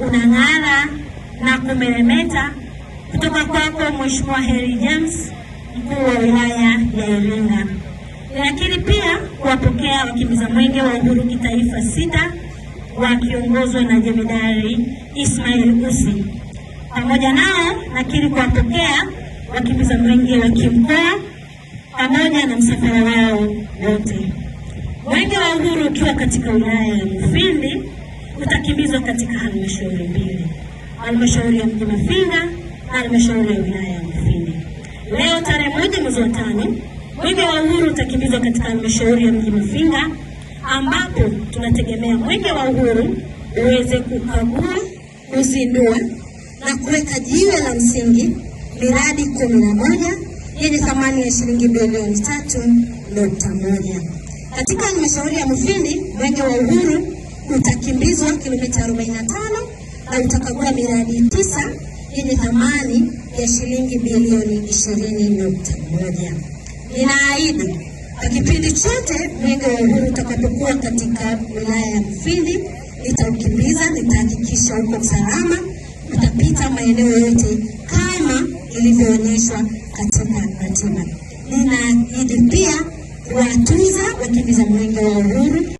unang'ara na kumeremeta kutoka kwako Mheshimiwa Heri James, mkuu wa wilaya ya Iringa, lakini pia kuwapokea wakimbiza mwenge wa uhuru kitaifa sita wakiongozwa na Jemedari Ismail Usi. Pamoja nao nakiri kuwapokea wakimbiza mwenge wa kimkoa pamoja na msafara wao wote, mwenge wa uhuru ukiwa katika wilaya ya Mufindi utakimbizwa katika halmashauri mbili, halmashauri ya mji Mafinga na halmashauri ya wilaya ya Mafinga. Leo tarehe moja mwezi wa tano, mwenge wa uhuru utakimbizwa katika halmashauri ya mji Mafinga, ambapo tunategemea mwenge wa uhuru uweze kukagua, kuzindua na kuweka jiwe la msingi miradi kumi na moja yenye thamani ya shilingi bilioni tatu nukta moja katika halmashauri ya Mufindi mwenge wa uhuru utakimbizwa kilomita 45 na utakagua miradi tisa yenye thamani ya shilingi bilioni 20.1. Ninaahidi kwa kipindi chote mwenge wa uhuru utakapokuwa katika wilaya ya Mufindi nitaukimbiza, nitahakikisha uko salama, utapita maeneo yote kama ilivyoonyeshwa katika ratiba. Ninaahidi pia kuwatunza wakimbiza mwenge wa uhuru.